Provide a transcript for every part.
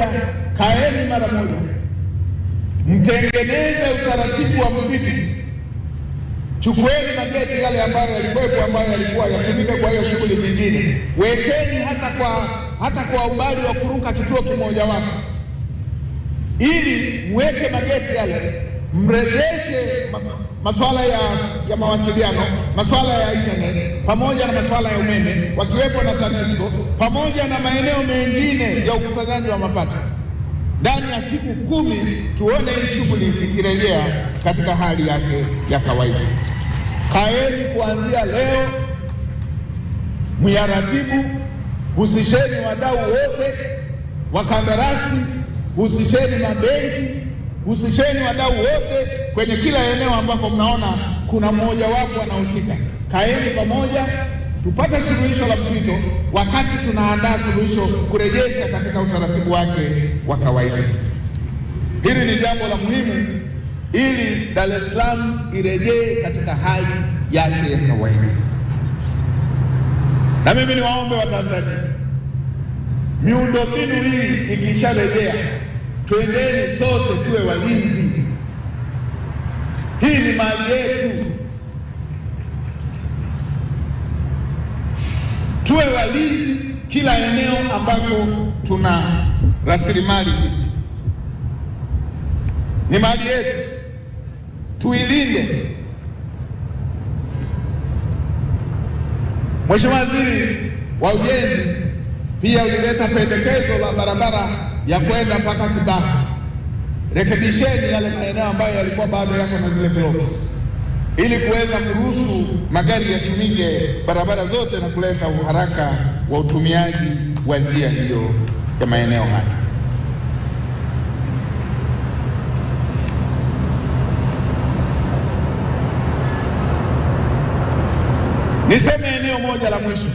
moja, kaeni mara moja, mtengeneze utaratibu wa mdhibiti. Chukueni mageti yale ambayo yalikuwepo, ambayo yalikuwa yatumike kwa hiyo shughuli nyingine, wekeni hata kwa hata kwa umbali wa kuruka kituo kimoja wapo, ili mweke mageti yale, mrejeshe masuala ya, ya mawasiliano, masuala ya internet pamoja na masuala ya umeme, wakiwepo na TANESCO pamoja na maeneo mengine ya ukusanyaji wa mapato. Ndani ya siku kumi tuone hii shughuli ikirejea katika hali yake ya kawaida. Kaeni kuanzia leo, myaratibu, husisheni wadau wote, wakandarasi, husisheni mabenki Husisheni wadau wote kwenye kila eneo ambako mnaona kuna mmoja wapo anahusika. Kaeni pamoja tupate suluhisho la mpito, wakati tunaandaa suluhisho kurejesha katika utaratibu wake wa kawaida. Hili ni jambo la muhimu ili Dar es Salaam irejee katika hali yake ya kawaida. Na mimi niwaombe Watanzania, miundombinu hii ikisharejea Twendeni sote tuwe walinzi, hii ni mali yetu. Tuwe walinzi kila eneo ambako tuna rasilimali hizi, ni mali yetu, tuilinde. Mheshimiwa Waziri wa Ujenzi pia ulileta pendekezo la barabara ya kwenda mpaka Kibaha. Rekebisheni yale maeneo ambayo yalikuwa bado yako na zile blocks, ili kuweza kuruhusu magari yatumike barabara zote na kuleta uharaka wa utumiaji wa njia hiyo ya maeneo haya. Niseme eneo moja la mwisho.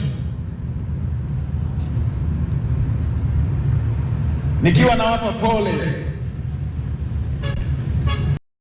nikiwa nawapa pole